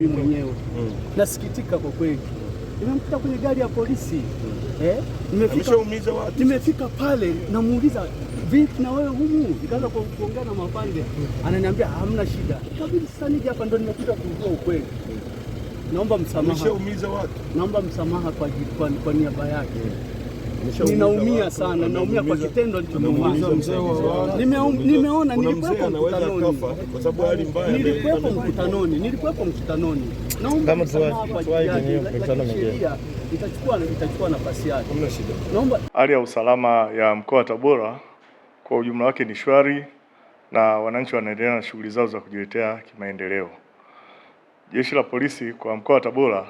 mimi mwenyewe mm. Nasikitika kwa kweli, nimemkuta kwenye gari ya polisi mm. eh? Nimefika, nimefika pale namuuliza vipi na wewe humu, nikaanza kuongea na mapande mm. Ananiambia hamna shida, kabidi sasa nije hapa, ndo nimekuja kujua ukweli mm. Naomba msamaha, naomba msamaha kwa, kwa, kwa niaba yake mm ninaumia sana, naumia kwa kitendo nimeona. Nilikuwepo yaani mkutanoni, nilikuwepo mkutanoni, nilikuwepo mkutanoni. Naomba itachukua nafasi yake. Naomba hali ya usalama ya mkoa wa Tabora kwa ujumla wake ni shwari na wananchi wanaendelea na shughuli zao za kujiletea kimaendeleo. Jeshi la polisi kwa mkoa wa Tabora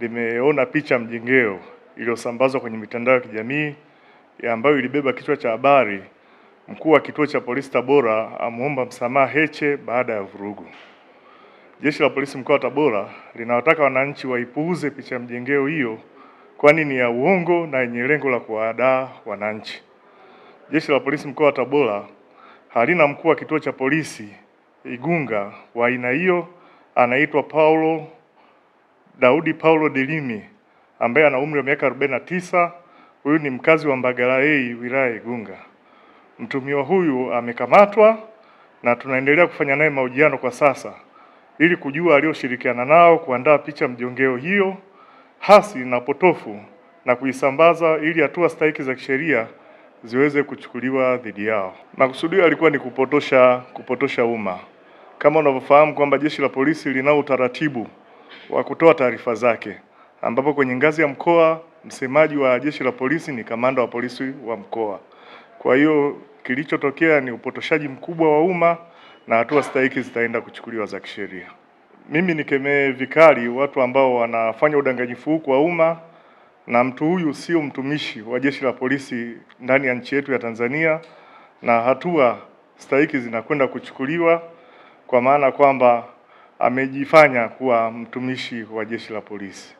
limeona picha mjengeo iliyosambazwa kwenye mitandao ya kijamii ambayo ilibeba kichwa cha habari mkuu wa kituo cha polisi Tabora amuomba msamaha Heche baada ya vurugu. Jeshi la polisi mkoa wa Tabora linawataka wananchi waipuuze picha mjengeo hiyo, kwani ni ya uongo na yenye lengo la kuwadaa wananchi. Jeshi la polisi mkoa wa Tabora halina mkuu wa kituo cha polisi Igunga wa aina hiyo, anaitwa Paulo Daudi Paulo Delimi ambaye ana umri wa miaka 49. Huyu ni mkazi wa Mbagala A wilaya ya Igunga. Mtumiwa huyu amekamatwa na tunaendelea kufanya naye mahojiano kwa sasa ili kujua aliyoshirikiana nao kuandaa picha mjongeo hiyo hasi na potofu na kuisambaza ili hatua stahiki za kisheria ziweze kuchukuliwa dhidi yao. Makusudio yalikuwa ni kupotosha kupotosha umma, kama unavyofahamu kwamba jeshi la polisi linao utaratibu wa kutoa taarifa zake ambapo kwenye ngazi ya mkoa msemaji wa jeshi la polisi ni kamanda wa polisi wa mkoa. Kwa hiyo kilichotokea ni upotoshaji mkubwa wa umma na hatua stahiki zitaenda kuchukuliwa za kisheria. Mimi nikemee vikali watu ambao wanafanya udanganyifu huu kwa umma, na mtu huyu sio mtumishi wa jeshi la polisi ndani ya nchi yetu ya Tanzania, na hatua stahiki zinakwenda kuchukuliwa kwa maana kwamba amejifanya kuwa mtumishi wa jeshi la polisi.